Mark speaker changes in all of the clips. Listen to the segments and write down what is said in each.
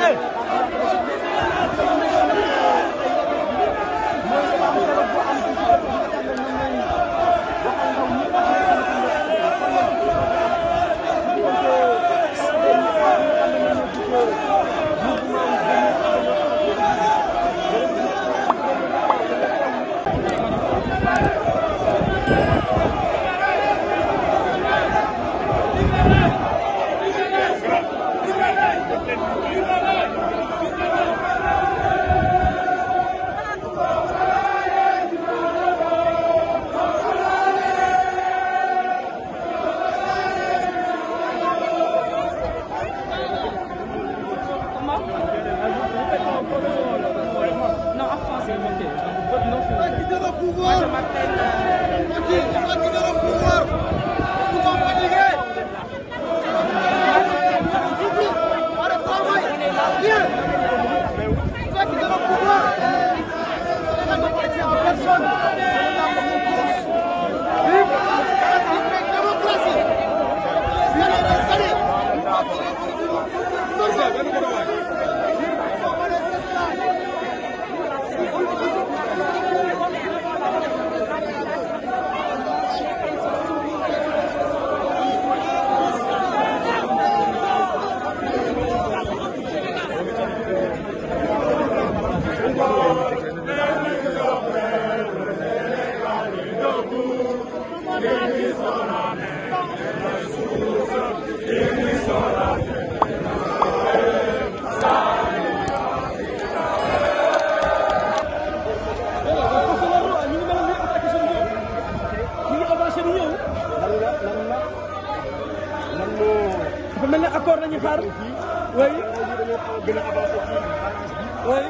Speaker 1: Hey! implémenté. Donc, votre nom, c'est... dafa mel ne accord la ñuy xaar. oui. oui. oui.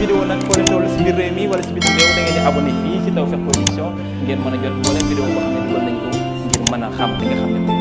Speaker 1: vidéo nag foo leen toll si biir réew a jot moo leen vidéo boo xam ne dugal nañ ko ngir a xam